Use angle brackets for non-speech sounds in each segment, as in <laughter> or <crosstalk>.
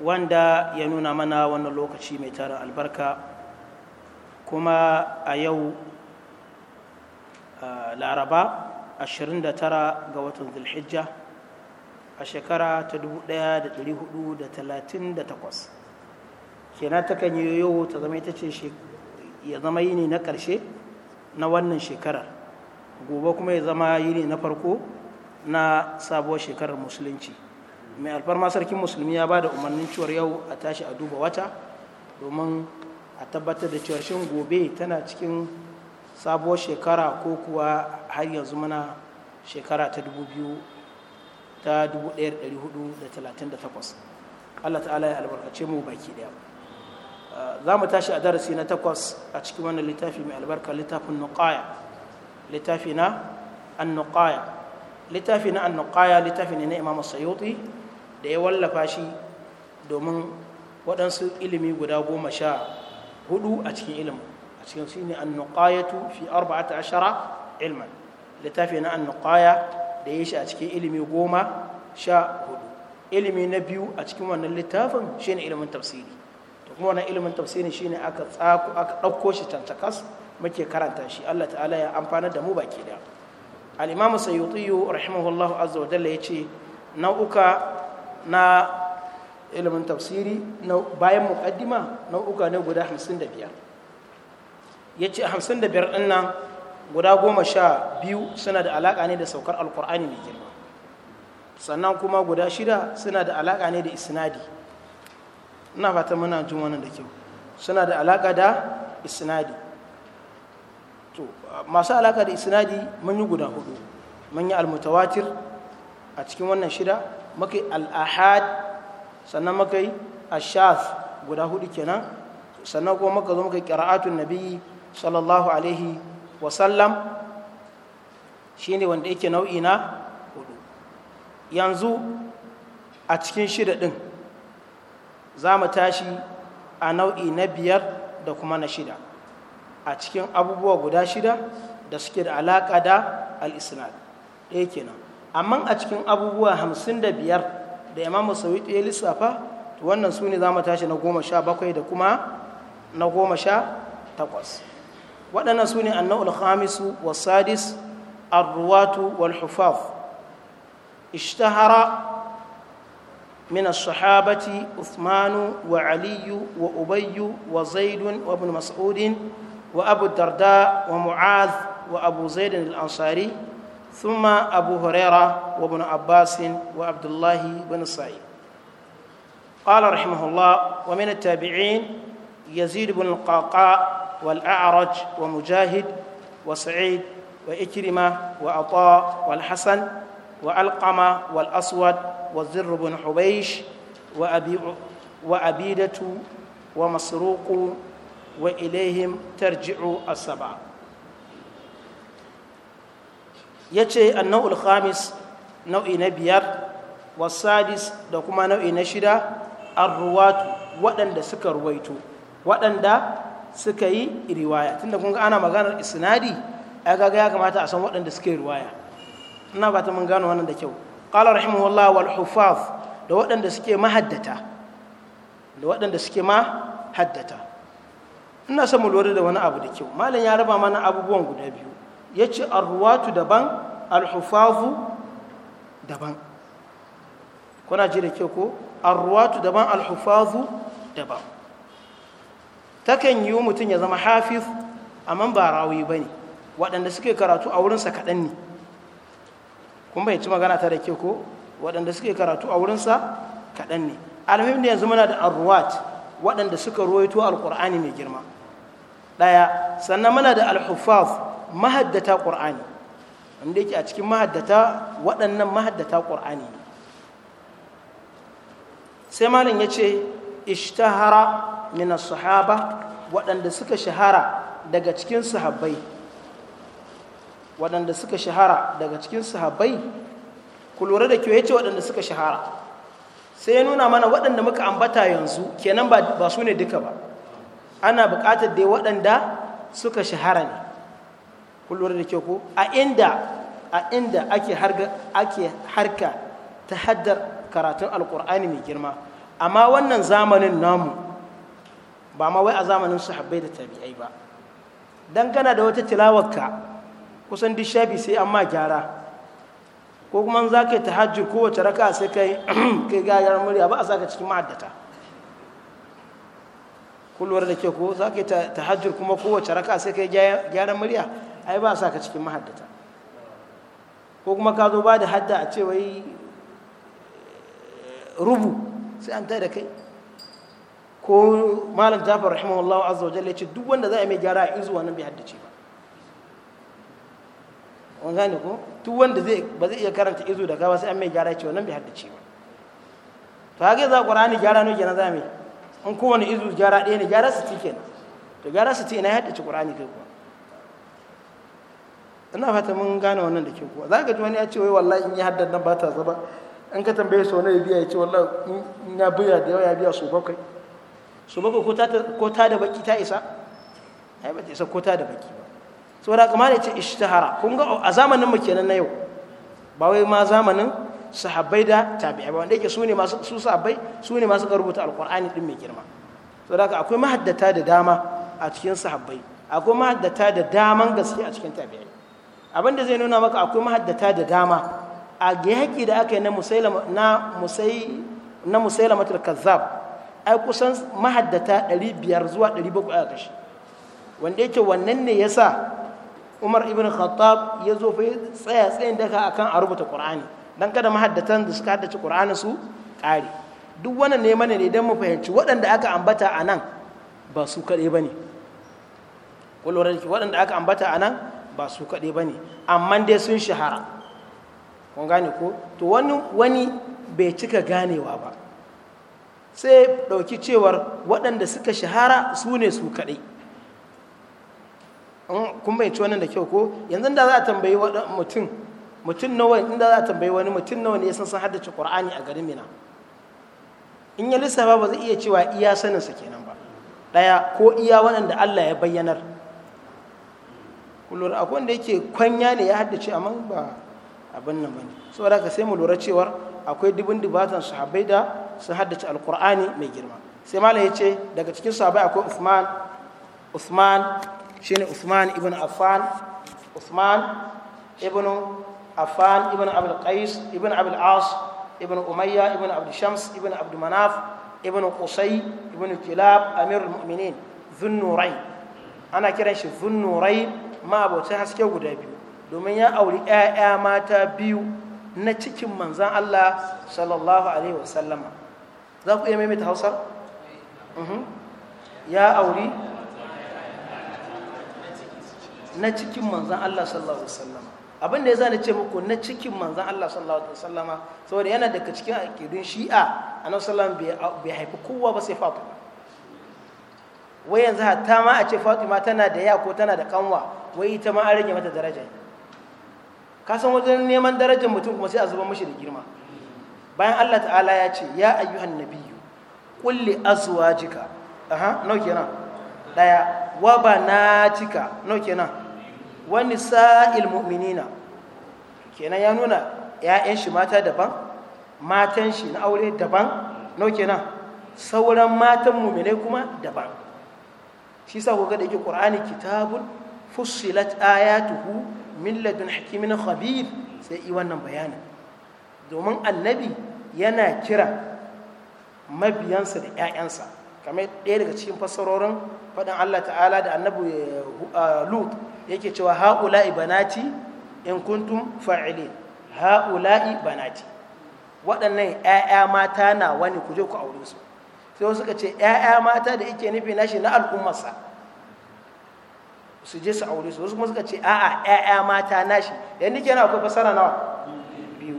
wanda ya nuna mana wannan lokaci mai tara albarka kuma a yau ah, laraba 29 ga watan zulhijja a shekara ta 1438 kenan ta kan yi yau ta zama ita ce ya zama yini na ƙarshe na wannan shekarar gobe kuma ya zama yini na farko na sabuwar shekarar musulunci mai alfarma sarkin musulmi ya ba da umarnin cewar yau a tashi a duba wata domin a tabbatar da cewar shin gobe tana cikin sabuwar shekara ko kuwa har yanzu mana shekara ta 1438 allah ta'ala ya albarkace mu baki daya ah, za mu tashi a darasi na takwas a cikin wannan littafi mai albarka littafin nukaya littafi na an littafi na an littafi ne na imam sayuti da ya wallafa shi domin waɗansu ilimi guda goma sha hudu a cikin ilimin a cikin su ne annuqayatu fi arba'ata ashara ilman littafi na annuqaya da ya shi a cikin ilimi goma sha hudu ilimi na biyu a cikin wannan littafin shine ilimin tafsiri to kuma wannan ilimin tafsiri shine aka tsako aka ɗauko shi tantakas muke karanta shi Allah ta'ala ya amfana da mu baki da al-imamu rahimahullahu azza wa jalla yace nau'uka na ilimin tafsiri bayan muƙaddima nau'uka ne guda 55 ya ce 55 din nan guda goma sha biyu suna da alaƙa ne da saukar alƙur'ani mai girma sannan kuma guda shida suna da alaƙa ne da isnadi ina fata muna jin wannan da kyau suna da alaƙa da isnadi to masu alaƙa da isnadi mun yi guda hudu mun yi almutawatir a cikin wannan shida muka yi al'ahad sannan muka yi ashaf guda hudu kenan sannan kuma muka zo muka yi ƙira'atun nabi sallallahu alaihi wasallam shi ne wanda yake nau'i na hudu yanzu a cikin shida ɗin za mu tashi a nau'i na biyar da kuma na shida a cikin abubuwa guda shida da suke da alaƙa da al ɗaya kenan amma a cikin abubuwa hamsin da biyar da imam sawitu ya lissafa wannan su ne za mu tashi na goma sha bakwai da kuma na goma sha takwas waɗannan su ne annau khamisu wa sadis arruwatu wal hufaf ishtahara من wa عثمان وعلي wa abu darda wa وأبو wa abu وأبو زيد ansari. ثم أبو هريرة وابن عباس وعبد الله بن سعيد قال رحمه الله ومن التابعين يزيد بن القعقاع والأعرج ومجاهد وسعيد وإكرمة وعطاء والحسن وألقمة والأسود والزر بن حبيش وأبي وأبيدة ومسروق وإليهم ترجع السبعة ya ce annau'ul khamis nau'i na biyar wasadis da kuma nau'i na shida an ruwatu waɗanda suka ruwaito waɗanda suka yi riwaya tunda kun ana maganar isnadi a gaga ya kamata a san waɗanda suka yi riwaya ina ba ta mun gano wannan da kyau qala wallah wal hufaz da waɗanda suke mahaddata da waɗanda suke ma haddata ina son mu lura da wani abu da kyau malam ya raba mana abubuwan guda biyu ya ce arhuwatu daban alhufafu daban kuna ji da ke ko arhuwatu daban alhufafu daban takan yi mutum ya zama hafiz amma ba rawi ba ne waɗanda suke karatu a wurinsa kaɗan ne kun bai ci magana ta da ke ko waɗanda suke karatu a wurinsa kaɗan ne alhamdu yanzu muna da arhuwat waɗanda suka ruwaito alƙur'ani mai girma ɗaya sannan muna da alhufafu mahaddata ƙur'ani wanda yake a cikin mahaddata waɗannan mahaddata ƙur'ani sai malam ya ce ishtahara min sahaba waɗanda suka shahara daga cikin sahabbai waɗanda suka shahara daga cikin sahabbai ku lura da kyau ya ce waɗanda suka shahara sai ya nuna mana waɗanda muka ambata yanzu kenan ba su ne duka ba ana buƙatar dai waɗanda suka shahara ne kullum da ke ko a inda a inda ake harka ta haddar karatun alkur'ani mai girma amma wannan zamanin namu ba ma wai a zamanin sahabbai da tabi'ai ba dan kana da wata tilawarka kusan duk shafi sai an ma gyara ko kuma za ka yi tahajjud kowace raka sai kai yi <clears throat> gayar murya ba a saka cikin ma'addata kullum da ke ko za ka yi tahajjud kuma kowace raka sai kai yi gyaran murya ai ba sa ka cikin mahaddata ko kuma ka zo ba da hadda a ce wai eh, rubu sai an da kai ko malam jafar rahimahullahu azza wa jalla ce duk wanda za a mai gyara a zuwa nan bai haddace ba wani gane ko duk wanda zai ba zai iya karanta izu da gaba sai an mai gyara ce wannan bai haddace ba to haka za qur'ani gyara ne kenan za an in kowane izu gyara ɗaya ne gyara su kenan to gyara su ina ya haddace qur'ani kai kuwa ina fata mun gane wannan da ke kuwa za ka ji wani ya ce wai wallahi in ya haddar nan ba ta zaba in ka tambaye su wani biya ya ce wallahi in ya biya da yawa ya biya su bakwai su bakwai ko ta da baki ta isa ai ba ta isa ko ta da baki ba saboda kamar ya ce hara kun ga a zamanin mu kenan na yau ba wai ma zamanin sahabbai da tabi'ai ba wanda yake su ne masu su sahabbai su ne masu rubuta alqur'ani din mai girma saboda haka akwai mahaddata da dama a cikin sahabbai akwai mahaddata da daman gaske a cikin tabi'ai abin da zai nuna maka akwai mahaddata da dama a yaƙi da aka yi na matar kazzab ai kusan mahaddata 500 zuwa 700 a kashi wanda yake wannan ne ya sa umar ibn khattab ya zo fa tsaya tsayin daga akan a rubuta qur'ani dan kada mahaddatan da suka haddace qur'ani su ƙari duk wani ne ne idan mu fahimci waɗanda aka ambata a nan ba su kaɗai ba ne waɗanda aka ambata a nan ba su kaɗe ba ne amma dai sun shahara kun gane ko to wani wani bai cika ganewa ba sai ɗauki cewar waɗanda suka shahara su ne su kaɗe kun bai ci wannan da kyau ko yanzu da za a tambayi mutum mutum nawa inda za a tambayi wani mutum nawa ne ya san san haddace qur'ani a garin mina in ya lissafa ba zai iya cewa iya saninsa kenan ba ɗaya ko iya waɗanda allah ya bayyanar kullum akwai wanda yake kwanya ne ya haddace amma ba abin nan bane saboda haka sai mu lura cewar akwai dubin dubatan sahabbai da sun haddace alqur'ani mai girma sai malam ya ce daga cikin sahabbai akwai Usman, Uthman shine Usman, ibn Affan Usman, ibn Affan ibn Abdul Qais ibn Abdul As ibn Umayya ibn Abdul Shams ibn Abdul Manaf ibn Qusay ibn Kilab amirul mu'minin dhun nurayn ana kiran shi zunnurai ma'abocin haske guda biyu domin ya auri 'ya'ya mata biyu na cikin manzan Allah sallallahu alaihi wasallama za ku iya maimaita hausa? Mhm. ya auri na cikin manzan Allah sallallahu alaihi wasallama abin da ya zane ce muku na cikin manzan Allah sallallahu alaihi wasallama saboda yana daga cikin aƙidun shi'a a nan bai haifi kowa ba sai fatima wai yanzu hatta ma a ce fatima tana da ya ko tana da kanwa wai ita ma an rage mata daraja ka san wajen neman darajar mutum kuma sai a zuba mashi da girma bayan allah ta'ala ya ce ya ayyuhan nabiyyu kulli azwajika aha nau kenan daya wa banatika nau kenan wa nisa'il mu'minina kenan ya nuna ya'yan shi mata daban matan shi na aure daban nau kenan sauran matan mu'minai kuma daban shi sa kuka da yake qur'ani kitabun fussilat ayatuhu min ladun hakimin khabir sai yi wannan bayani domin annabi yana kira mabiyansa da 'ya'yansa kamar ɗaya daga cikin fassarorin faɗin Allah ta'ala da annabi eh, eh, lut yake cewa ha'ula'i banati in kuntum fa'ilin ha'ula'i banati waɗannan 'ya'ya mata na wani ku je ku aure su sai wasu suka ce ‘ya'ya mata da yake nufi nashi na al'ummarsa su je su aure su wasu kuma suka ce a'a ‘ya'ya mata nashi yadda ke na akwai fasara nawa biyu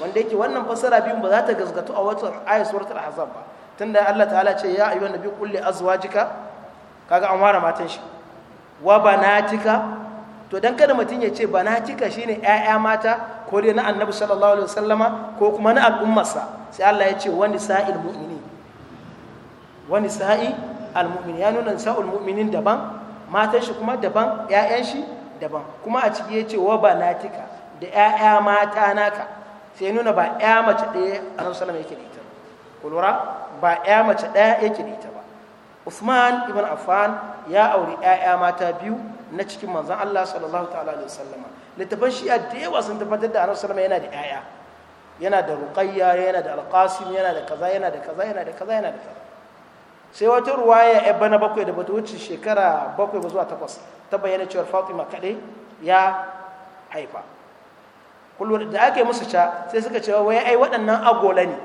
wanda yake wannan fasara biyu ba za ta gazgatu a wata ayat suratul ahzab ba tunda Allah ta'ala ce ya ayyuhan nabi qul li azwajika kaga an ware matan shi wa banatika to dan kada mutum ya ce banatika shine ƴaƴa mata ko dai na annabi sallallahu alaihi wasallama ko kuma na al'ummarsa sai Allah ya ce wa nisa'il mu'minin wani sa'i almu'min ya nuna sa'ul mu'minin daban matan shi kuma daban ƴaƴan shi daban kuma a ciki ya ce wa banatika da ƴaƴa mata naka sai nuna ba ƴa mace ɗaya annabi sallallahu yake da ita ku ba ƴa mace ɗaya yake da ita ba Usman ibn Affan ya auri ƴaƴa mata biyu na cikin manzon Allah sallallahu ta'ala alaihi wasallama littafan shi da yawa sun tabbatar da annabi sallallahu yana da ƴaƴa yana da ruqayya yana da alqasim yana da kaza yana da kaza yana da kaza yana da kaza sai wata ruwaya ya bana bakwai da bata wuce shekara bakwai ba zuwa takwas ta bayyana cewar fatima kaɗai ya haifa kullum da ake musu ca sai suka cewa wai ai waɗannan agola ne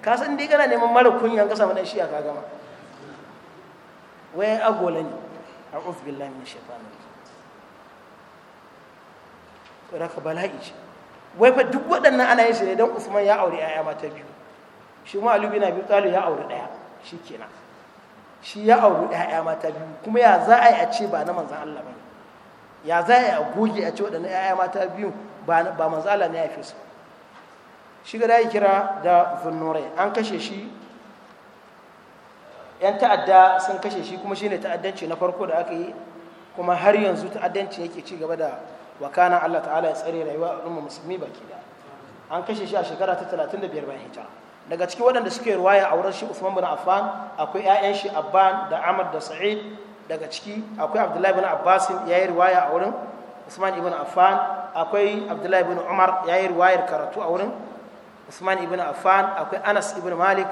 ka san dai kana neman mara kunyan kasa samu shi a gama wai agola ne a'udhu billahi minash shaitani to da ka bala'i ce wai fa duk waɗannan ana yin shi ne don Usman ya aure 'ya'ya mata biyu shi ma alubi na biyu Talib ya aure ɗaya shi kenan shi ya auri ɗaya mata biyu kuma ya za a yi a ce ba na manzan Allah ba ya za a yi a goge a ce waɗannan ɗaya mata biyu ba manzan Allah ne ya fi su shi gada yi kira da zunnurai an kashe shi yan ta'adda sun kashe shi kuma shi ne ta'addanci na farko da aka yi kuma har yanzu ta'addanci yake ci gaba da wakana Allah ta'ala ya tsare rayuwa al'umma musulmi baki da an kashe shi a shekara ta 35 bayan hijira daga cikin waɗanda suke ruwaya a wurin shi Usman bin Affan akwai ƴaƴan shi Abban da Amr da Sa'id daga ciki akwai Abdullahi bin Abbas yayi ruwaya a wurin Usman ibn Affan akwai Abdullahi bin Umar yayi ruwayar karatu a wurin Usman ibn Affan akwai Anas ibn Malik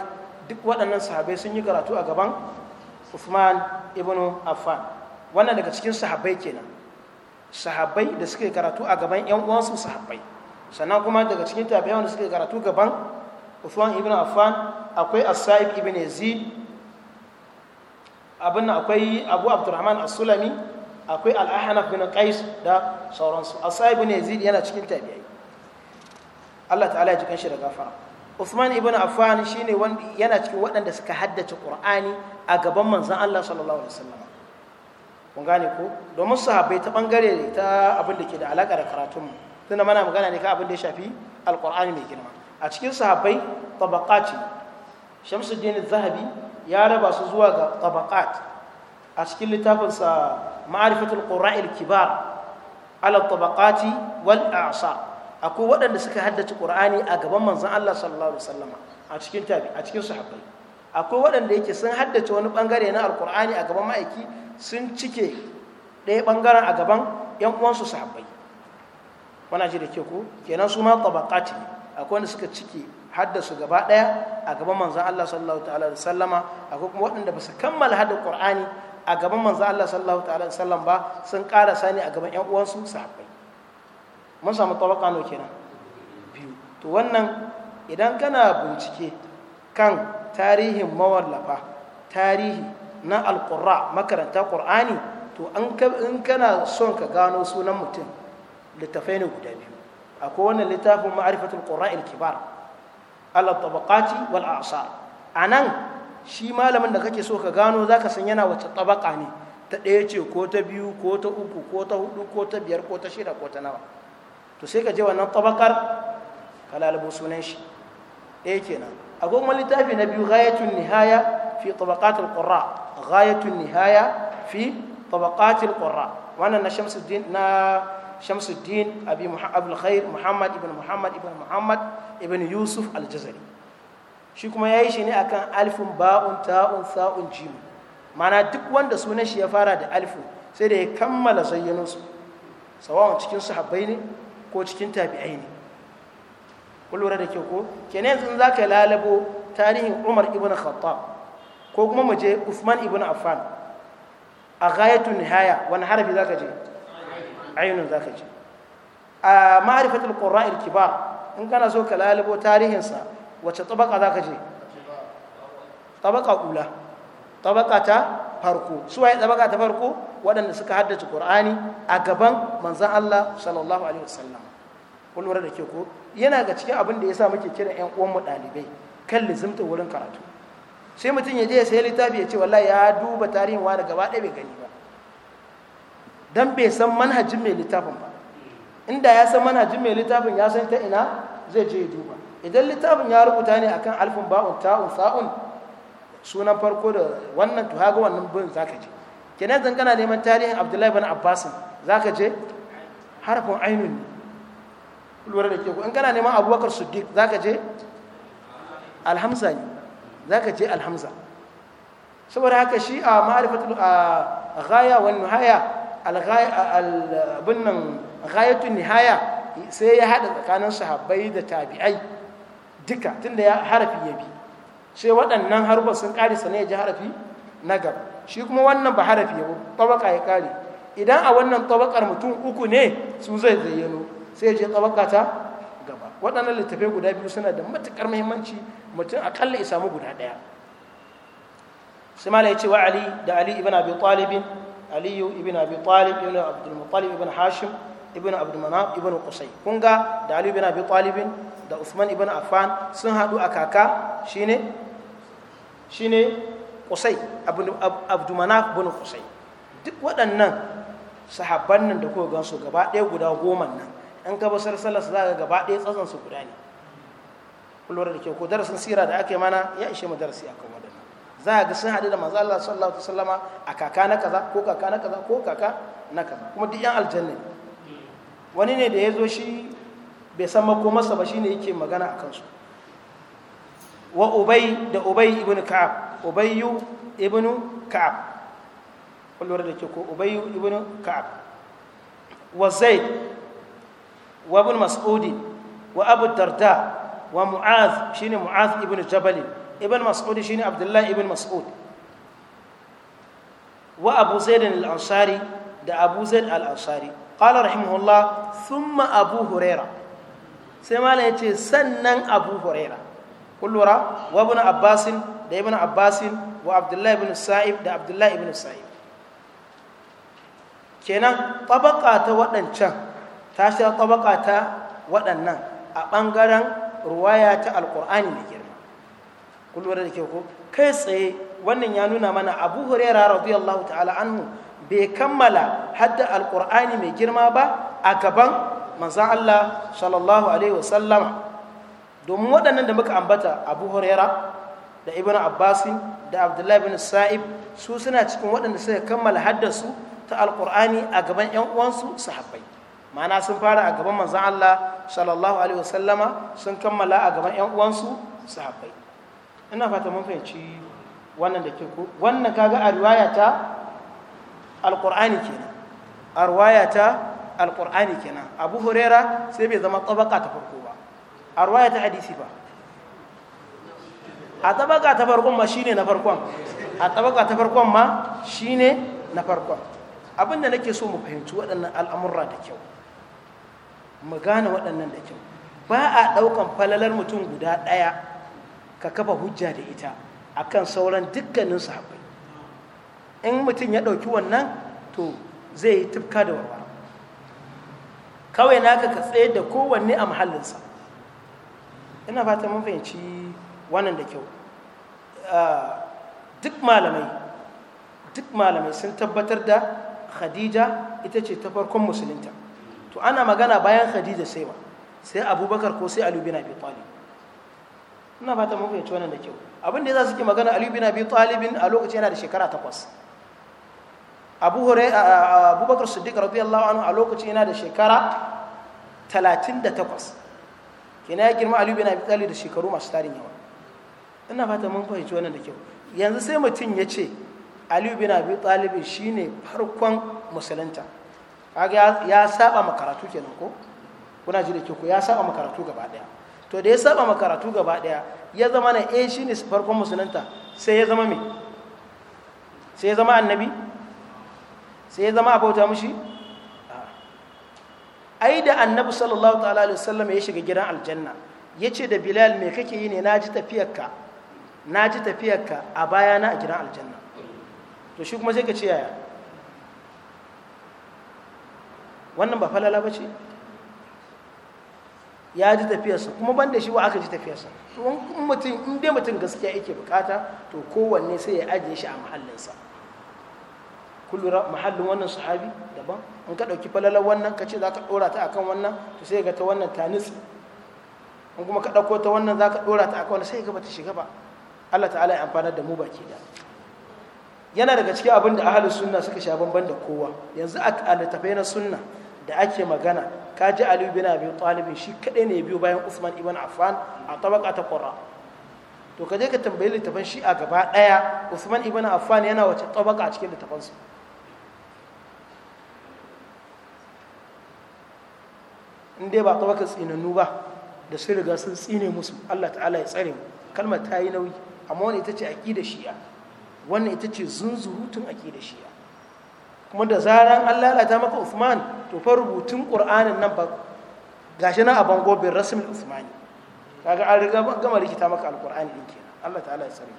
duk waɗannan sahabbai sun yi karatu a gaban Usman ibn Affan wannan daga cikin sahabbai kenan sahabbai da suke karatu a gaban ƴan uwansu sahabbai sannan kuma daga cikin tabi'an da suke karatu gaban Uthman ibn Affan akwai As-Sa'ib ibn Yazid abin akwai Abu Abdurrahman As-Sulami akwai Al-Ahnaf bin Qais da sauransu As-Sa'ib ibn Yazid yana cikin tabi'ai Allah ta'ala ya ji kanshi da gafara Uthman ibn Affan shine wanda yana cikin waɗanda suka haddace Qur'ani a gaban manzon Allah sallallahu alaihi wasallam kun gane ko domin sahabbai ta bangare ta abin da ke da alaka da karatun mu tunda mana magana ne ka abin da ya shafi alqur'ani mai girma a cikin sahabbai tabaqat Shamsuddin Zahabi ya raba su zuwa ga tabaqat a cikin littafin sa Ma'rifatul Qura'il Kibar ala tabaqati wal a'sar akwai waɗanda suka haddace Qur'ani a gaban manzon Allah sallallahu alaihi wasallama a cikin tabi a cikin sahabbai akwai waɗanda yake sun haddace wani bangare na alqur'ani a gaban ma'aiki sun cike ɗaya bangaren a gaban yan uwansu sahabbai wana ji da ke ku, kenan su ma tabaqati ne akwai wanda suka ciki haddasu gaba daya a gaban manzan Allah sallallahu ta'ala da sallama akwai kuma waɗanda ba su kammala hada kur'ani a gaban manzan Allah sallallahu ta'ala da ba sun ƙara sani a gaban yanuwansu uwansu sahabbai mun samu tabaka no kenan biyu to wannan idan kana bincike kan tarihin mawallafa tarihi na alqurra makaranta ƙur'ani to in kana son ka gano sunan mutum littafai ne guda biyu akwai wannan littafin ma'arifatul qura'il kibar ala tabaqati wal a'sar anan shi malamin da kake so ka gano zaka san yana wace tabaka ne ta ɗaya ce ko ta biyu ko ta uku ko ta hudu ko ta biyar ko ta shida ko ta nawa to sai ka je wannan tabakar ka sunan shi ɗaya kenan akwai kuma littafi na biyu ghayatun nihaya fi tabaqatul qurra ghayatun nihaya fi tabaqatul qurra wannan na shamsuddin na shamsuddin abi abul khair muhammad ibn muhammad ibn muhammad ibn yusuf al-jazari shi kuma ya yi shi ne akan alifin ba'un ta'un sa'un jim mana duk wanda sunan shi ya fara da alifin sai da ya kammala zayyanunsu sawawan cikin sahabbai ne ko cikin tabi'ai ne kun da ke ko kenan yanzu za ka lalabo tarihin umar ibn khattab ko kuma mu je usman ibn affan a gayatun nihaya wani harafi za ka je za ka ce a ma'rifatul qurra'il kibar in kana so ka lalibo tarihinsa wacce tabaka ka ce tabaka kula tabaka ta farko suwaye tabaka ta farko waɗanda suka haddace qur'ani a gaban manzan Allah sallallahu alaihi wasallam kun da ke ko yana ga cikin abin da ya sa muke kira ƴan uwan mu ɗalibai kan lizimta wurin karatu sai mutum ya je ya sayi littafi ya ce wallahi ya duba tarihin wani gaba ɗaya bai gani ba don bai san manhajin mai littafin ba inda ya san manhajin mai littafin ya san ta ina zai je duba idan littafin ya rubuta ne akan alfin ba'un ta'un sa'un sunan farko da wannan to haga wannan bin zaka je kenan zan kana neman tarihin abdullahi bin abbasin zaka je harafin ainun ne lura da ke in kana neman abubakar siddiq zaka je alhamza ne zaka je alhamza saboda haka shi a ma'rifatul ghaya wan nuhaya abin nan ghayatun nihaya sai ya haɗa tsakanin sahabbai da tabi'ai duka tunda ya harafi ya bi sai waɗannan harufan sun ƙare sannan ya ji harafi na gaba shi kuma wannan ba harafi ya tabaka ya ƙare idan a wannan tabakar mutum uku ne su zai zayyano sai ya je tabaka ta gaba waɗannan littafai guda biyu suna da matuƙar muhimmanci mutum aƙalla ya samu guda ɗaya sai mala ya ce wa ali da ali ibn abi talibin aliyu ibn abi talib ibn abdul muttalib ibn hashim ibn abdul manaf ibn qusay kun ga da aliyu ibn abi talib da usman ibn affan sun hadu a kaka shine shine qusay abdul manaf ibn qusay duk waɗannan sahabban nan da kuka gansu gaba ɗaya guda goma nan an ka basar sallar su za gaba ɗaya tsatsan su guda ne kullum da ke ko darasin sira da ake mana ya ishe mu darasi akan wadda za a ga sun haɗu da manzo Allah sallallahu alaihi wasallama a kaka na kaza ko kaka na kaza ko kaka na kaza kuma duk yan aljanna wani ne da ya zo shi bai san makomarsa ba shine yake magana a kansu wa ubay da ubay ibn ka'ab ubayyu ibn ka'ab kullura da ke ko ubayyu ibn ka'ab wa zaid wa ibn mas'ud wa abu darda wa mu'az shine mu'az ibn jabal ibn mas'ud shine abdullahi ibn mas'ud wa abu zaid al-ansari da abu zaid al-ansari qala rahimahullah thumma abu huraira sai mala yace sannan abu huraira kullura wa ibn abbas da ibn abbas wa abdullahi ibn sa'ib da abdullahi ibn sa'ib kenan tabaka ta waɗancan ta shi tabaka ta waɗannan a ɓangaren ruwaya ta alƙur'ani ne kun lura da ke ko kai tsaye wannan ya nuna mana abu huraira radiyallahu ta'ala anhu bai kammala hadda Alƙur'ani mai girma ba a gaban manzan Allah sallallahu alaihi wasallama domin waɗannan da muka ambata abu huraira da ibn abbasin da abdullahi bin sa'ib su suna cikin waɗanda suka kammala haddarsu ta Alƙur'ani a gaban ƴan uwansu sahabbai ma'ana sun fara a gaban manzan Allah sallallahu alaihi wasallama sun kammala a gaban ƴan uwansu sahabbai ina fata mun fahimci wannan da ke ko wannan kaga a riwaya ta alqur'ani kenan a riwaya ta alqur'ani kenan abu hurera sai bai zama tabaka ta farko ba a riwaya ta hadisi ba a tabaka ta farkon ma shine na farkon a tabaka ta farkon ma shine na farkon Abin da nake so mu fahimci waɗannan al'amurra da kyau mu gane waɗannan da kyau ba a ɗaukan falalar mutum guda ɗaya ka kafa hujja da ita akan sauran dukkanin sahabbai in mutum ya ɗauki wannan to zai yi tufka da warwara kawai naka ka tsaye da kowanne a mahallinsa ina fata mun fahimci wannan da kyau ah, duk malamai duk malamai sun tabbatar da khadija ita ce ta farkon musulunta to ana magana bayan khadija sai wa sai abubakar ko sai alubina na bitali ina fata mun fahimci wannan da kyau abin da su ke magana Ali bin Abi Talib a lokacin yana da shekara takwas Abu Hurairah Abubakar Siddiq radiyallahu anhu a lokacin yana da shekara talatin takwas. kina ya girma Ali bin Abi Talib da shekaru masu tarin yawa ina fata mun fahimci wannan da kyau yanzu sai mutum ya ce Ali bin Abi shi shine farkon musulunta kaga ya saba makaratu kenan ko kuna ji da kyau ko ya saba makaratu gaba daya to da ya saba ma karatu gaba daya ya zama na eh ne farkon musulunta sai ya zama mai sai ya zama annabi sai ya zama abauta mushi yi da annabi sallallahu ta'ala sallama ya shiga gidan aljanna yace da bilal me kake yi ne ji tafiyarka ji tafiyarka a bayana a gidan aljanna to shi kuma sai ka ce yaya wannan ba falala ba ce ya ji tafiyarsa kuma ban da shi wa aka ji tafiyarsa in mutum in dai mutum gaskiya yake bukata to kowanne sai ya ajiye shi a mahallinsa kullu mahallin wannan sahabi daban in ka ɗauki falalar wannan ka ce za ka ɗora ta akan wannan to sai ga ta wannan ta nitsi in kuma ka ɗauko ta wannan za ka ɗora ta akan wannan sai ga bata shiga ba Allah ta'ala ya amfana da mu baki da yana daga cikin abin da ahlus sunna suka sha bamban da kowa yanzu a littafai na sunna da ake magana ka ji aliyu bin abi talibin shi kaɗai ne biyu bayan usman ibn affan a tabaka ta ƙura to ka je ka tambayi littafan shi a gaba ɗaya usman ibn affan yana wace tabaka a cikin littafansu in dai ba tabaka tsinannu ba da sun riga sun tsine musu allah ta'ala ya tsare mu kalmar ta yi nauyi amma wani ita ce da shi'a wannan ita ce zunzurutun da shi'a kuma da zaran an lalata maka usman to fa rubutun Qur'anin nan ba gashi na a bango bin rasmin Uthmani kaga an riga gama rikita maka alqur'ani din kenan Allah ta'ala ya tsare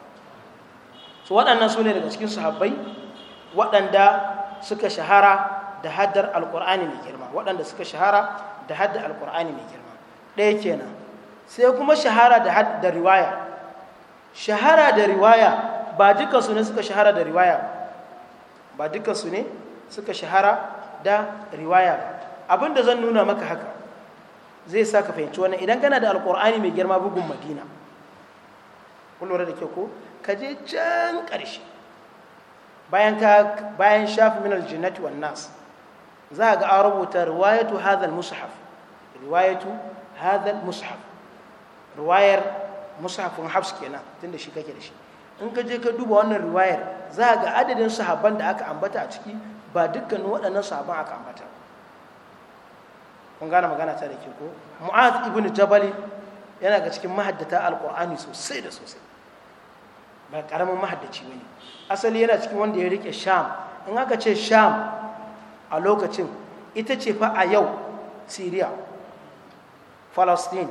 so waɗannan su ne daga cikin sahabbai waɗanda suka shahara da haddar alqur'ani mai girma waɗanda suka shahara da haddar alqur'ani mai girma ɗaya kenan sai kuma shahara da haddar riwaya shahara da riwaya ba su ne suka shahara da riwaya ba ba dukansu ne suka shahara da riwaya ba abin da zan nuna maka haka zai sa ka fahimci wannan idan kana da alkur'ani mai girma bugun madina kullum da ke ko ka je can ƙarshe bayan ka bayan shafi min aljinnati wan nas za ga an rubuta riwayatu hadha almushaf riwayatu hadha almushaf riwayar mushafin hafs kenan tunda shi kake da shi in ka je ka duba wannan riwayar za ga adadin sahaban da aka ambata a ciki ba dukkanin waɗannan sahabban aka ambata kun gane magana ta da ke ko mu'az ibn jabali yana ga cikin mahaddata alqur'ani sosai da sosai ba karamin mahaddaci bane asali yana cikin wanda ya rike sham in aka ce sham a lokacin ita ce fa a yau syria palestine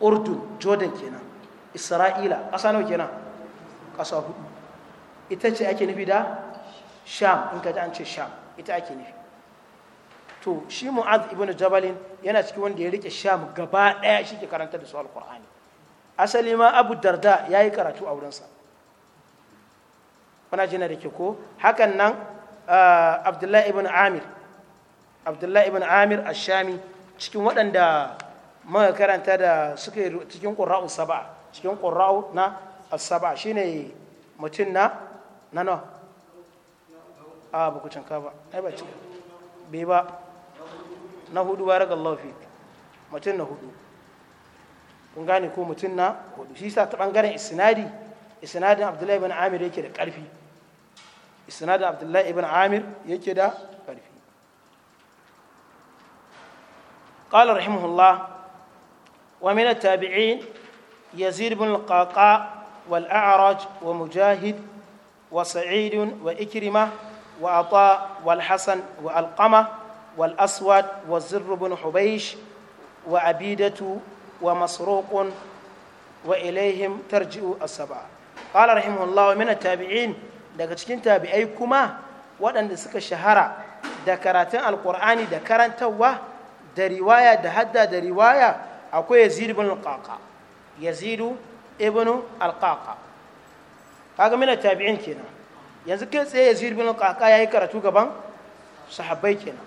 urdun jordan kenan isra'ila ƙasa nawa kenan ƙasa hudu ita ce ake nufi da sham in ka ji an ce sham ita ake nufi to shi mu'az ibn jabalin yana cikin wanda ya rike sham gaba ɗaya shi ke karanta da su alƙur'ani asali ma abu darda ya yi karatu a wurinsa kuna jina da ke ko hakan nan ah, abdullahi ibn amir abdullahi ibn amir ashami cikin waɗanda maka karanta da suka cikin ƙura'u saba cikin ƙura'u na asaba shine mutum na na a ah, ba ku canka ba ai bai ba na hudu barakallahu fi mutum na hudu kun gane ko mutum na hudu shi sa ta bangaren isnadi isnadin abdullahi ibn amir yake da karfi isnadin abdullahi ibn amir yake da karfi qala rahimahullah wa min at-tabi'in yazid ibn al والأعرج ومجاهد وسعيد وإكرمة وعطاء والحسن والقمة والأسود والزر بن حبيش وعبيدة ومسروق وإليهم ترجع السبعة قال رحمه الله من التابعين daga cikin tabi'ai kuma waɗanda suka shahara da karatun alkur'ani da karantarwa da riwaya da hadda da riwaya akwai yazidu bin qaqa yazidu ibnu alqaqa kaga mina tabi'in kenan yanzu kai tsaye yazid ibn alqaqa yayi karatu gaban sahabbai kenan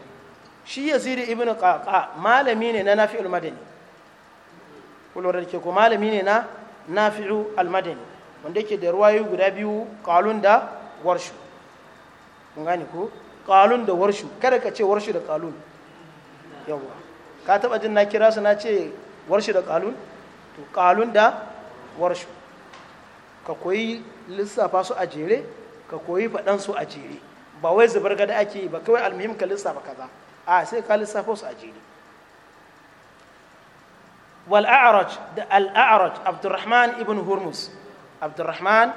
shi yazid ibn alqaqa malami ne na nafi'ul madani kullum da ke ko malami ne na nafi'u al-madani wanda yake da guda biyu qalun da warshu ko qalun da warshu kada ka ce warshu da qalun yawa ka taba jin na kira su na ce warshu da qalun to qalun da warshu ka koyi lissafa su a jere ka koyi faɗan su a jere ba wai zubar gada ake yi ba kawai almuhim ka lissafa kaza a sai ka lissafa su a jere wal a'raj da al a'raj abdurrahman ibn hurmus abdurrahman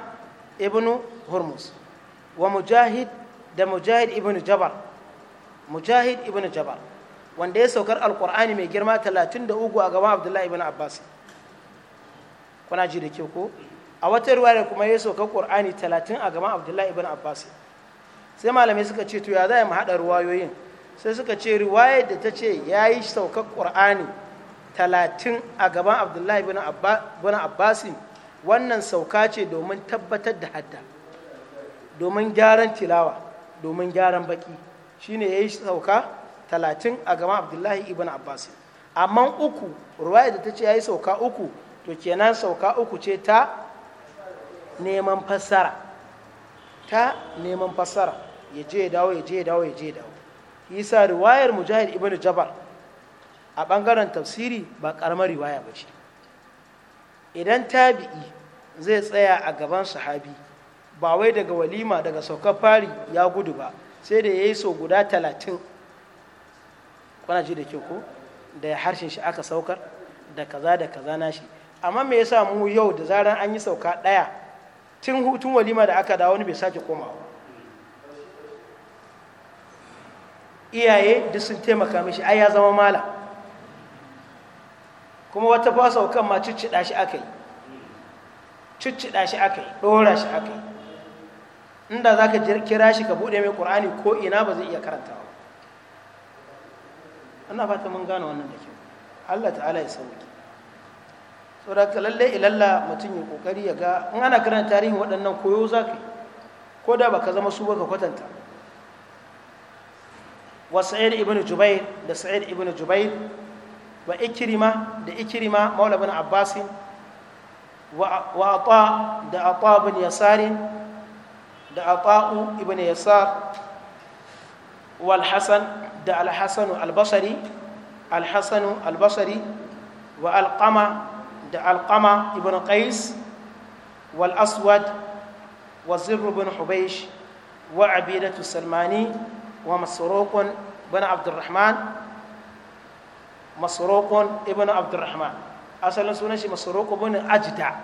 ibn hurmus wa mujahid da mujahid ibn jabar mujahid ibn jabar wanda ya saukar alkur'ani mai girma 33 a gaban abdullahi ibn abbas kuna ji da ke ko a wata ruwaya kuma ya sauka qur'ani 30 a gaban abdullahi ibn abbas sai malamai suka ce to ya za mu haɗa ruwayoyin sai suka ce ruwaya da ta ce ya yi sauka qur'ani 30 a gaban abdullahi ibn abbas wannan sauka ce domin tabbatar da hadda domin gyaran tilawa domin gyaran baki shine ya yi sauka 30 a gaban abdullahi ibn abbas amma uku ruwaya da ta ce ya yi sauka uku to kenan sauka uku ce ta neman fassara ta neman fassara ya je ya dawo ya je ya dawo ya je ya dawo sa riwayar mujahid ibn jabal a bangaren tafsiri ba karamar riwaya ba ce idan tabi'i zai tsaya a gaban sahabi ba wai daga walima daga saukar fari ya gudu ba sai da ya yi so guda talatin kwanaji da kyau ko da harshen shi aka saukar da kaza da kaza na shi amma me yasa mu yau da zaran an yi sauka ɗaya tun hutun walima da aka dawo wani bai sake komawa iyaye duk sun taimaka mishi ai ya zama mala kuma wata ba saukan ma ciccida shi aka yi ciccida shi aka yi ɗora shi aka yi inda za ka kira shi ka buɗe mai ƙur'ani ko ina ba zai iya karantawa ana fata mun gane wannan da kyau allah ta'ala ya sauki saboda lalle ilalla mutum ya kokari ya ga in ana karanta tarihin waɗannan koyo za ka ko da baka zama su baka kwatanta wa sa'id ibn jubair da sa'id ibn jubair wa da ikrima maula bin abbas wa ata da ata bin yasar da ata'u ibn yasar wal hasan da al hasan al basri al al wa alqama da alƙama ibn qais wal aswad wa zirru bin hubaish wa abidatu salmani wa masarokun bin abdurrahman masarokun ibn abdurrahman asalin sunan shi masarokun bin ajida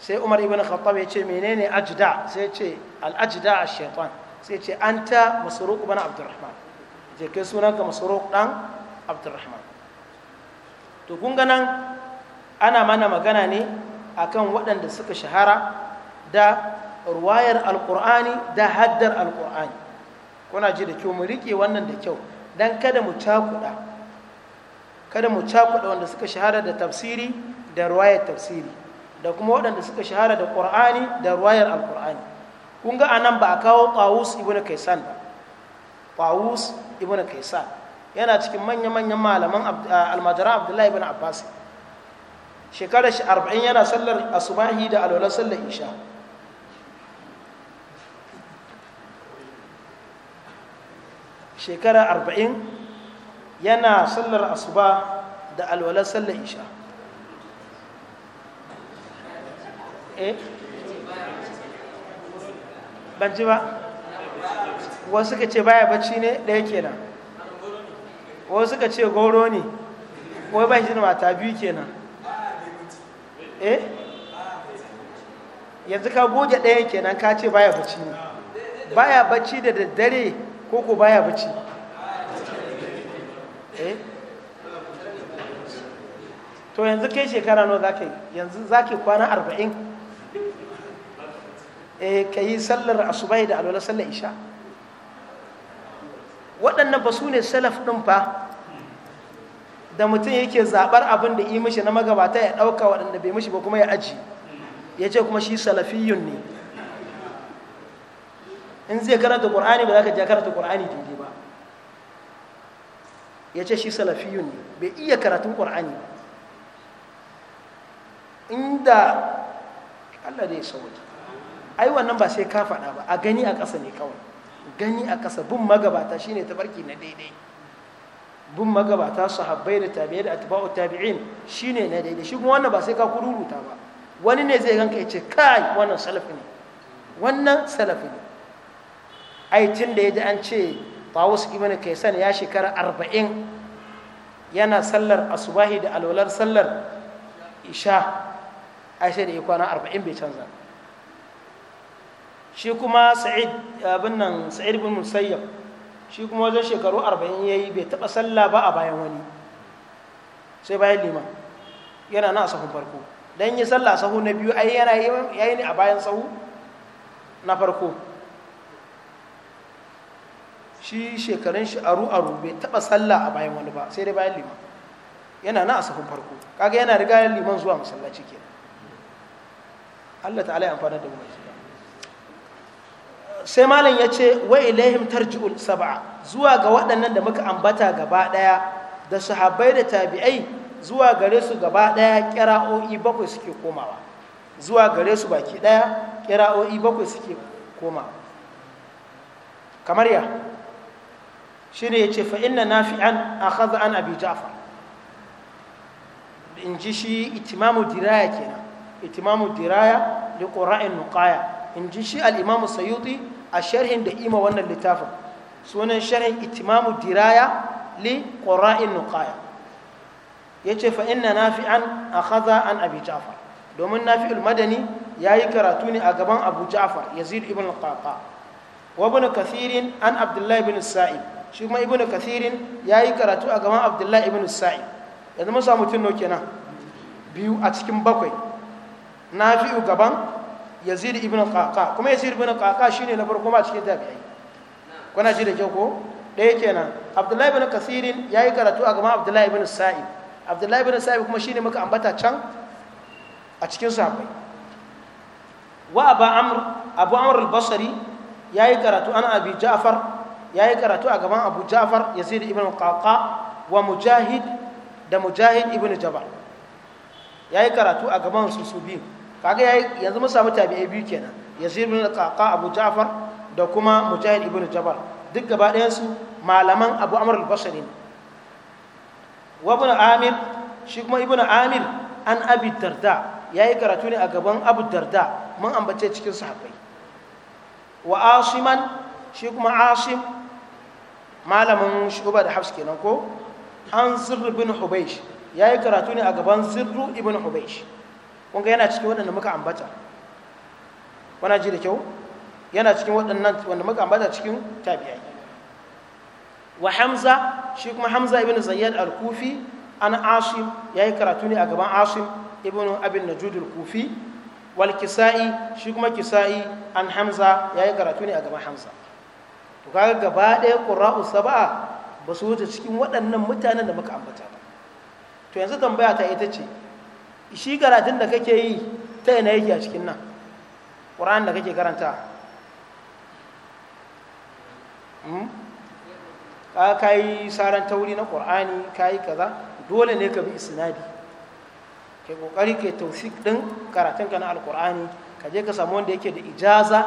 sai umar ibn khattab ya ce menene ajda sai ce al-ajda a shaitan sai ce an ta masaruk bana abdurrahman je kai sunanka masaruk dan abdurrahman to kun ganan ana mana magana ne akan waɗanda suka shahara da ruwayar alƙur'ani da haddar alƙur'ani kuna ji da kyau mu riƙe wannan da kyau don kada mu cakuɗa kada mu cakuɗa wanda suka shahara da tafsiri da ruwayar tafsiri da kuma waɗanda suka shahara da ƙur'ani da ruwayar alƙur'ani kun ga anan ba a kawo ƙawus ibn kaisan ba ƙawus ibn kaisan yana cikin manya-manyan malaman almajiran abdullahi ibn abbas shekarar shi arba'in yana sallar asubahi da alwalar sallar isha shekara arba'in yana sallar asuba da alwalar sallar isha eh ban ji ba wasu ka ce baya bacci ne yake kenan wasu ka ce goro ne wai ba shi da mata biyu kenan eh yanzu ka goge ɗayan kenan ka ce baya bacci ne baya bacci da daddare ko ko baya bacci eh to yanzu kai shekara nawa za ka yi yanzu za ka kwana arba'in eh ka yi sallar asubai da alwala sallar isha waɗannan ba su ne salaf ɗin fa da mutum yake zaɓar abin da yi mishi na magabata ya ɗauka waɗanda bai mishi ba kuma ya aji ya ce kuma shi salafiyun ne in zai karanta ƙur'ani ba za ka je karanta ƙur'ani daidai ba ya ce shi salafiyun ne bai iya karatun ƙur'ani ba inda Allah da ya sauki ai wannan ba sai ka faɗa ba a gani a ƙasa ne kawai gani a ƙasa bin magabata shine tabarki na daidai bin magabata sahabbai da tabi'ai da atba'u tabi'in shine na daidai shi kuma wannan ba sai ka kururuta ba wani ne zai ganka ya ce kai wannan salafi ne wannan salafi ne ai tun da ya ji an ce tawus ibn kaisan ya shekara arba'in yana sallar asubahi da alwalar sallar isha ai sai da ya kwana arba'in bai canza shi kuma sa'id abin nan sa'id bin musayyab shi kuma wajen shekaru arba'in ya yi bai taɓa sallah ba a bayan wani sai bayan lima yana na sahun farko don yi sallah sahu na biyu ai yana yayi ne a bayan sahu na farko shi shekarun shi aru aru bai taɓa sallah a bayan wani ba sai dai bayan lima yana na sahun farko kaga yana riga liman zuwa masallaci ke Allah ta'ala ya amfana da mu sai malam ya ce wa ilaihim tarji'ul sab'a zuwa ga waɗannan da muka ambata gaba ɗaya da sahabbai da tabi'ai zuwa gare su gaba ɗaya kira'o'i bakwai suke komawa zuwa gare su baki ɗaya kira'o'i bakwai suke komawa kamar ya shi ne ya ce fa inna an a haza an abi ja'far in ji shi itimamu diraya kenan itimamu diraya da ƙura'in Nukaya, in ji shi al'imamu sayuti a sharhin da ima wannan littafin sunan sharhin itimamu diraya li ƙora'in nuqaya ya ce fa'in na nafi'an a haza an abi ja'far domin nafi'ul madani ya yi karatu ne a gaban abu ja'far yazid ibn al-qaqa wa ibn kathirin an abdullahi ibn sa'ib shi kuma ibn kathirin ya yi karatu a gaban abdullahi ibn sa'ib yanzu mun samu mutum nau kenan biyu a cikin bakwai nafi'u gaban yazid ibn qaqa kuma yazid ibn qaqa shine na farko ma cikin tabi'ai kuna ji da kyau ko ɗaya kenan abdullahi ibn kasirin ya yi karatu a gaban abdullahi ibn sa'ib abdullahi ibn sa'ib kuma shine muka ambata can a cikin sahabbai wa abu amr abu amr al-basri ya yi karatu an abi ja'far ya yi karatu a gaban abu ja'far yazid ibn qaqa wa mujahid da mujahid ibn jabal ya yi karatu a gaban su su biyu kaga yayi yanzu mun samu tabi'ai biyu kenan yasir bin qaqa abu ja'far da kuma mujahid ibn jabal duk gaba ɗayan su malaman abu amr al-basri ne wa ibn amir shi kuma ibn amir an abi darda yayi karatu ne a gaban abu darda mun ambace cikin sahabbai wa asiman shi kuma asim malamin shuba da hafs kenan ko an zirru bin hubaysh yayi karatu ne a gaban zirru ibn hubaysh kun ga yana cikin waɗanda muka ambata wana ji da kyau yana cikin waɗannan wanda muka ambata cikin tabi'ai wa hamza shi kuma hamza ibn zayyad al-kufi an asim yayi karatu ne a gaban asim ibn abin najud al-kufi wal kisa'i shi kuma kisa'i an hamza yayi karatu ne a gaban hamza to kaga gaba ɗaya qurra'u sab'a ba su wuce cikin waɗannan mutanen da muka ambata ba to yanzu tambaya ta ita ce shi karatun da kake yi ta ina yake a cikin nan ƙura'an da kake karanta hmm? ka yi saran tauri na ƙur'ani ka yi kaza dole ne ka bi isinadi ke ƙoƙari ke tausik ɗin karatunka na alƙur'ani ka je ka samu wanda yake da ijaza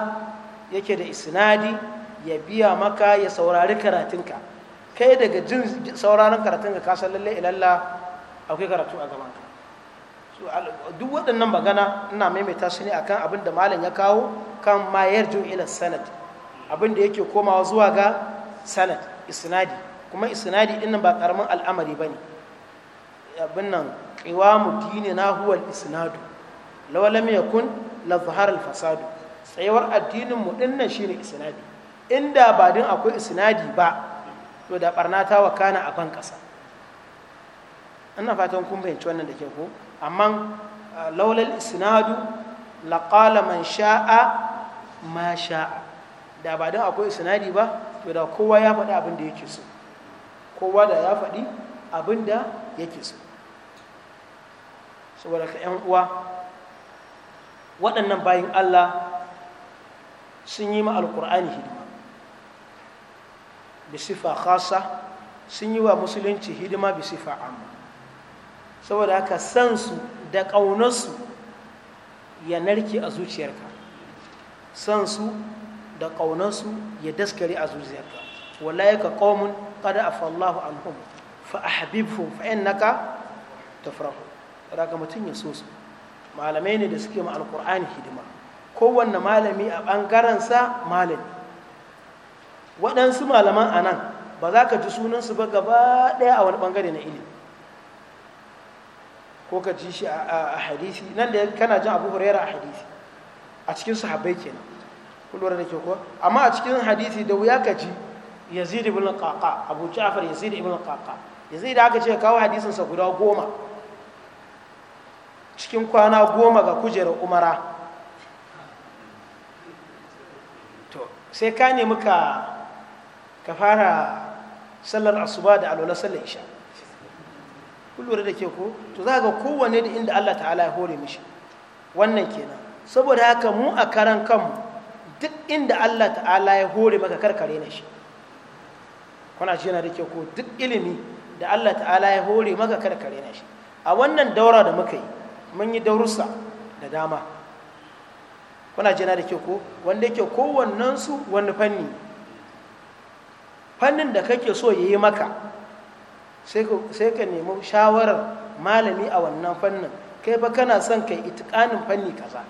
yake da isinadi ya biya maka ya saurari karatunka kai daga jin sauraron karatunka ka san lalle ilalla akwai karatu a gabanka duk waɗannan magana ina maimaita su ne akan abin da malam ya kawo kan mayar jin ila sanad abin da yake komawa zuwa ga sanad isnadi kuma isnadi din ba ƙaramin al'amari ba ne. abin nan qiwamu mu huwa al-isnadu law lam ya la zahara al-fasadu tsayawar addinin mu dinnan shine isnadi inda ba din akwai isnadi ba to da barna ta wakana a ban ƙasa ina fatan kun bayyance wannan da ke ko amma ah, laulal isnadu laƙala man sha'a ma sha'a da ba don akwai isnadi ba to da kowa ya faɗi abin da yake so kowa da ya faɗi abin da yake so saboda ka ‘yan uwa waɗannan bayan Allah sun yi ma alƙur'ani hidima bisifa khasa sun yi wa musulunci hidima bisifa amma saboda haka san su da ƙaunarsu ya narke a zuciyarka san su da ƙaunarsu ya daskare a zuciyarka Wala ya ka a fallahu an anhum fa a habibu, fa ta farko raka mutum ya so su malamai ne da suke ma Alƙur'ani hidima kowanne malami a bangaren malami waɗansu malaman a nan, ba za ka ji sunansu ba gaba ɗaya a wani ɓangare na ilimi ko ka ji shi a hadisi nan da kana jin abu hurera a hadisi a cikin sahabbai kenan kullum da ke kuwa amma a cikin hadisi da wuya ka ji yazid ibn qaqa abu ja'far yazid ibn qaqa yazid da aka ce kawo hadisin sa guda goma cikin kwana goma ga kujerar umara to sai ka nemi ka ka fara sallar asuba da alwala sallar isha kullum da ke ko to za ga kowanne da inda Allah ta'ala ya hore mishi wannan kenan saboda haka mu a karan kanmu duk inda Allah ta'ala ya hore maka karkare na shi kuna ce na da ke ko duk ilimi da Allah ta'ala ya hore maka karkare na shi a wannan daura da muka yi mun yi darussa da dama kuna jina da ke ko wanda yake kowannensu wani fanni fannin da kake so ya yi maka sai ka nemi shawarar malami a wannan fannin kai ba kana son kai itikanin fanni kaza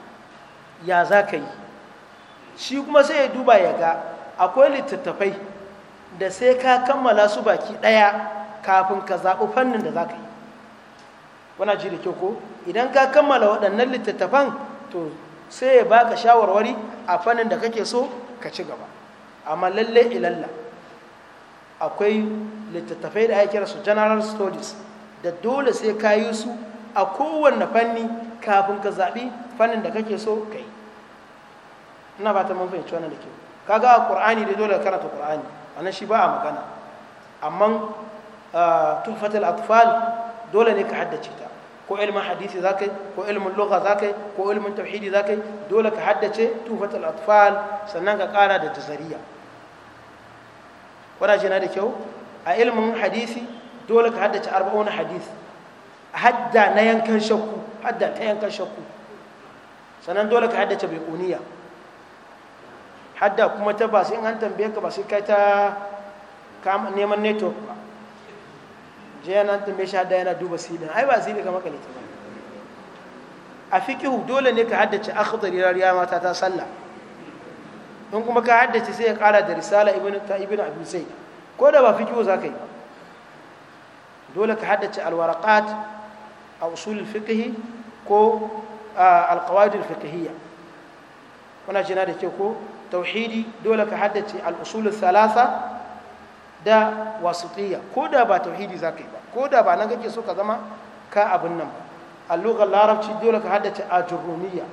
ya za ka yi shi kuma sai ya duba ya ga akwai littattafai da sai ka kammala su baki ɗaya kafin ka zaɓi fannin da za ka yi wana ji da kyau ko idan ka kammala waɗannan littattafan to sai ya baka shawarwari a fannin da kake so ka ci gaba amma lallai ilalla akwai littattafai da ake su general studies da dole sai ka yi su a kowanne fanni kafin ka zaɓi fannin da kake so ka yi ina ba ta mun fahimci wannan da ke kaga a ƙur'ani dai dole ka karanta qur'ani anan shi ba a magana amma ah, tuhfatul atfal dole ne ka haddace ta ko ilmin hadisi zakai ko ilmin lugha zakai ko ilmin tauhidi zakai dole ka haddace tuhfatul atfal sannan ka kara da jazariya wana na da kyau a ilimin hadisi dole ka haddace arba'un hadis hadda na yankan shakku hadda ta yankan shakku sannan dole ka haddace bai uniya hadda kuma ta ba sai in an tambaye ka ba sai kai ta neman network ba je yana tambaye shi hadda yana duba sidin ai ba sidin kamar kalita ba a fikihu dole ne ka haddace akhdari rariya mata ta sallah in kuma ka haddace sai ya kara da risala ibn ta ibn abi sai ko da ba fiqh za ka yi dole ka haddace alwaraqat a usul fiqh ko alqawaid alfiqhiyya kuna jina da ke ko tauhidi dole ka haddace al salasa da wasitiyya ko da ba tauhidi za ka yi ba ko da ba nan kake so ka zama ka abin nan ba a lugar larabci dole ka haddace a jurumiyya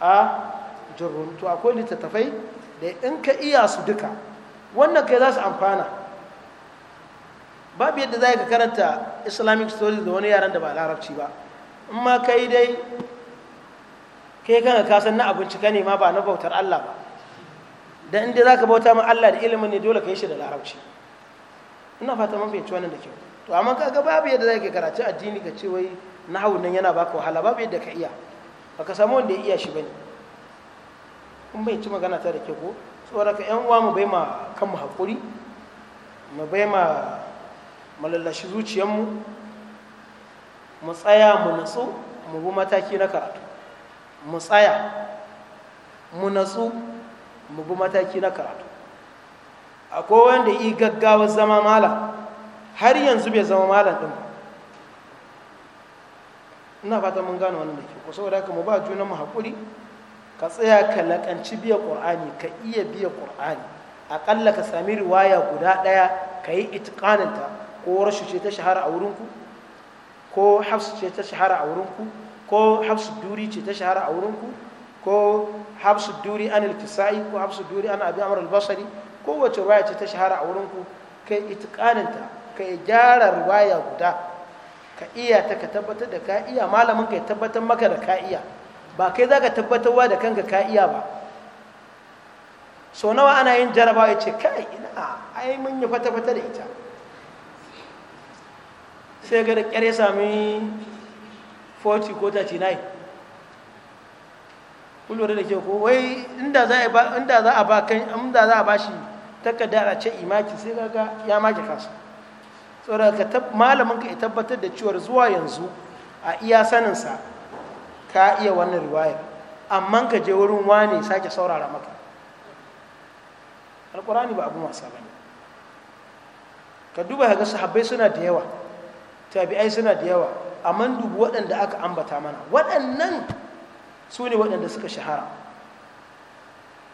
a jirgin to akwai littattafai da in ka iya su duka wannan kai za su amfana babu yadda za ka karanta islamic stories da wani yaran da ba larabci ba in ma kai dai kai kan ka san na abinci ka ne ba na bautar Allah ba da inda za ka bauta min Allah da ilimin ne dole ka yi shi da larabci ina fata mafi fahimci wannan da kyau to amma kaga babu yadda za ka karanta addini ka ce wai hau nan yana baka wahala babu yadda ka iya baka samu wanda ya iya shi bane in bai ci magana ta da ke ko tsoraka yan uwa mu bai ma kanmu haƙuri mu bai ma malallashi zuciyarmu mu tsaya mu natsu mu bi mataki na karatu mu tsaya mu natsu mu bi mataki na karatu akwai wanda yi gaggawar zama malam har yanzu bai zama malam ɗin ba ina fata mun gane wannan da ke kusa wadda mu ba junan mu haƙuri ka tsaya ka laƙanci biya ƙur'ani ka iya biya ƙur'ani aƙalla ka sami riwaya guda ɗaya ka yi itikaninta ko rashu ce ta shahara a wurinku ko hafsu ce ta shahara a wurinku ko hafsu duri ce ta shahara a wurinku ko hafsu duri an alfisa'i ko hafsu duri an abin amur albasari wace riwaya ce ta shahara a wurinku ka yi itikaninta ka yi gyara riwaya guda ka iya ta ka tabbatar da ka iya malamin ka ya tabbatar maka da ka iya ba kai za ka tabbatarwa da kanka ka iya ba sau nawa ana yin jarabawa ya ce kai ina ai mun yi fata-fata da ita sai ga da ya sami 40 ko 39 kullum da ke wai inda za a ba kan inda za a ba shi takardar a ce imaki sai ga ya maki tsoron ka malamin ka ya tabbatar da cewar zuwa yanzu a iya saninsa ka iya wannan riwayar amma ka je wurin wane sake saurara maka alkurani ba abu wasa ba ne ka duba ga sahabbai suna da yawa tabi'ai suna da yawa amma dubu waɗanda aka ambata mana waɗannan su ne waɗanda suka shahara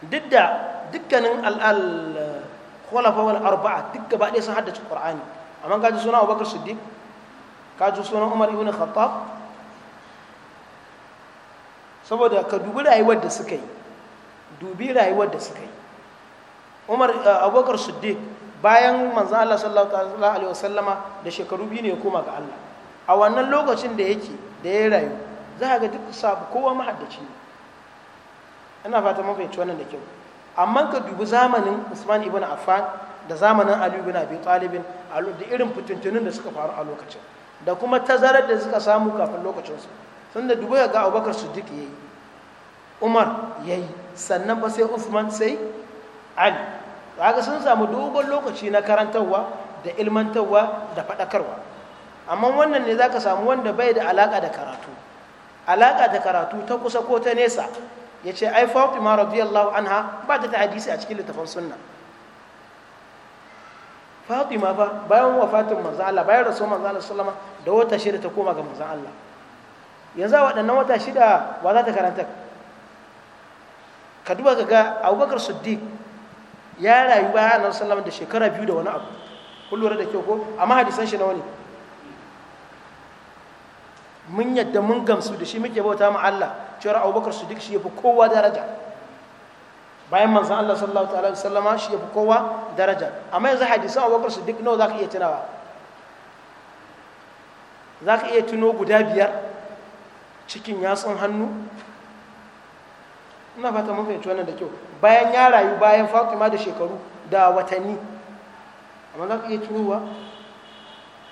duk da dukkanin al'al khulafa arba'a duk gaba ɗaya sun haddace ƙur'ani amma kaji suna abubakar siddiq kaji suna umar ibn khattab saboda ka dubi rayuwar da suka yi dubi rayuwar da suka yi umar eh, abokar siddiq bayan manzan Allah sallallahu alaihi wasallama da shekaru biyu ne ya koma ga Allah a wannan lokacin da yake da ya rayu za a ga duk sabu kowa mahaddaci ne ina fata mafi wannan da kyau amma ka dubi zamanin Usman ibn Affan da zamanin Ali ibn Abi da irin fitintunin da suka faru a lokacin da kuma tazarar da suka samu kafin lokacinsu. tunda ya ga abubakar su ya yi umar ya yi sannan ba sai usman sai ali ga sun samu dogon lokaci na karantarwa da ilmantarwa da faɗakarwa amma wannan ne za ka samu wanda bai da alaka da karatu alaka da karatu ta kusa ko ta nesa ya ce ai fatima radiyallahu anha ba ta hadisi a cikin littafin sunna fatima ba bayan wafatin manzo Allah bayan rasul manzo Allah sallama da wata da ta koma ga manzo Allah yanzu a waɗannan wata shida ba za ta karanta ka duba ga abubakar siddiq ya rayu baya annabi sallallahu da shekara biyu da wani abu kun lura da kyau ko amma hadisan shi na wani mun yadda mun gamsu da shi muke bauta ma Allah cewar abubakar siddiq shi ya fi kowa daraja bayan manzan Allah sallallahu ta'ala alaihi wasallama shi ya fi kowa daraja amma yanzu hadisan abubakar siddiq nawa ka iya tunawa ka iya tuno guda biyar cikin yatsun hannu ina fata mun fahimci wannan da kyau bayan ya rayu bayan fatima da shekaru da watanni amma za ka iya turuwa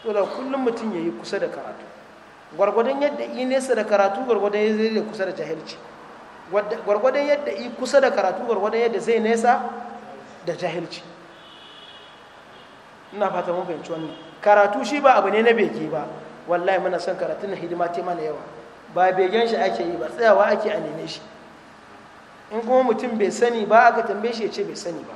to da kullum mutum ya yi kusa da karatu gwargwadon yadda yi nesa da karatu gwargwadon yadda zai kusa da jahilci gwargwadon yadda yi kusa da karatu gwargwadon yadda zai nesa da jahilci ina fata mun fahimci wannan karatu shi ba abu ne na bege ba wallahi muna son karatu na hidima ce mana yawa ba begen shi ake yi ba tsayawa ake a neme shi in kuma mutum bai sani ba aka tambaye shi ya ce bai sani ba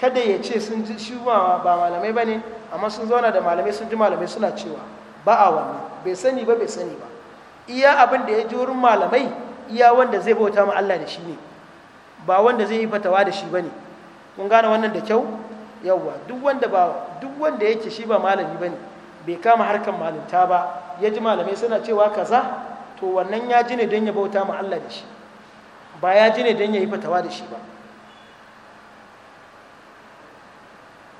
kada ya ce sun ji shi ba malamai ba ne amma sun zauna da malamai sun ji malamai suna cewa ba a wannan bai sani ba bai sani ba iya abin da ya ji wurin malamai iya wanda zai bauta ma Allah da shi ne ba wanda zai yi fatawa da shi ba ne kun gane wannan da kyau yawwa duk wanda ba duk wanda yake shi ba malami ba ne bai kama harkan malinta ba ya ji malamai suna cewa kaza to wannan ya ji ne don ya bauta ma Allah da shi ba ya ji ne don ya yi fatawa da shi ba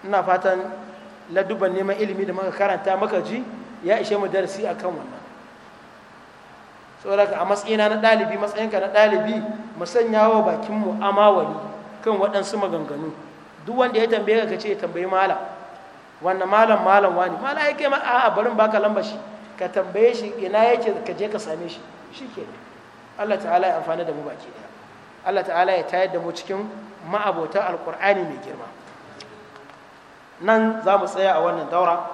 ina fatan ladduban neman ilimi da maka karanta maka ji ya ishe mu darasi akan wannan tsoraka a matsayina na ɗalibi matsayinka na ɗalibi mu sanya wa bakinmu amawali kan waɗansu maganganu duk wanda ya tambaye ka ce ya tambayi malam wannan malam malam wani malam ya kai ma a barin baka lambashi ka tambaye shi ina yake ka je ka same shi shike Allah ta'ala ya amfana da mu baki daya Allah ta'ala ya tayar da mu cikin ma'abota alqur'ani mai girma nan za mu tsaya a wannan daura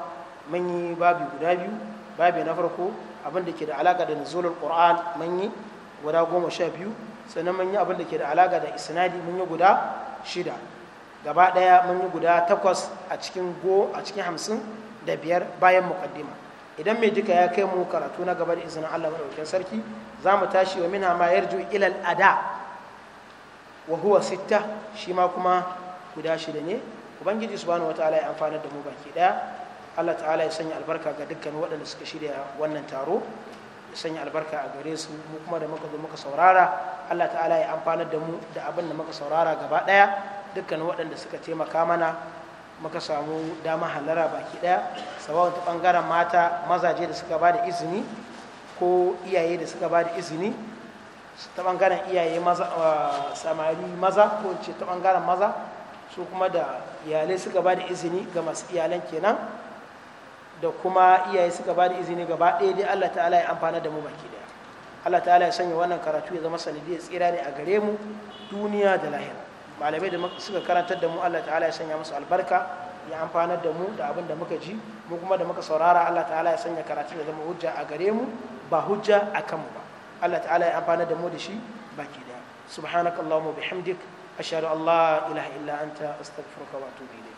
mun yi babi guda biyu babi na farko abin da ke da alaka da nuzulul qur'an mun yi guda goma sha biyu sannan mun yi abin da ke da alaka da isnadi mun yi guda shida gaba daya mun yi guda takwas a cikin go a cikin hamsin da biyar bayan muqaddima idan mai duka ya kai mu karatu na gaba da izinin Allah madaukakin sarki za mu tashi wa mina ma yarju ilal ada wa huwa sitta shi ma kuma guda shida ne ubangiji subhanahu wataala ya amfana da mu baki daya Allah ta'ala ya sanya albarka ga dukkan waɗanda suka shirya wannan taro ya sanya albarka a gare su mu kuma da muka zo muka saurara Allah ta'ala ya amfanar da mu da abin da muka saurara gaba ɗaya dukkan waɗanda suka taimaka mana muka samu dama halara baki daya sabawun ta bangaren mata mazaje da suka ba da izini ko iyaye da suka ba da izini ta bangaren iyaye maza samari maza ko ce ta bangaren maza su kuma da iyalai suka ba da izini ga masu iyalan kenan da kuma iyaye suka ba da izini gaba ɗaya dai Allah ta'ala ya amfana da mu baki daya Allah ta'ala ya sanya wannan karatu ya zama sanadiyar tsira ne a gare mu duniya da lahira malamai da suka karantar da mu Allah ta'ala ya sanya musu albarka ya amfanar da mu da abin da muka ji mu kuma da muka saurara Allah ta'ala ya sanya karatu da zama hujja a gare mu ba hujja a kanmu ba Allah ta'ala ya amfanar da mu da shi baki daya subhanakallahumma bihamdik ashhadu an la ilaha illa anta astaghfiruka wa atubu ilayk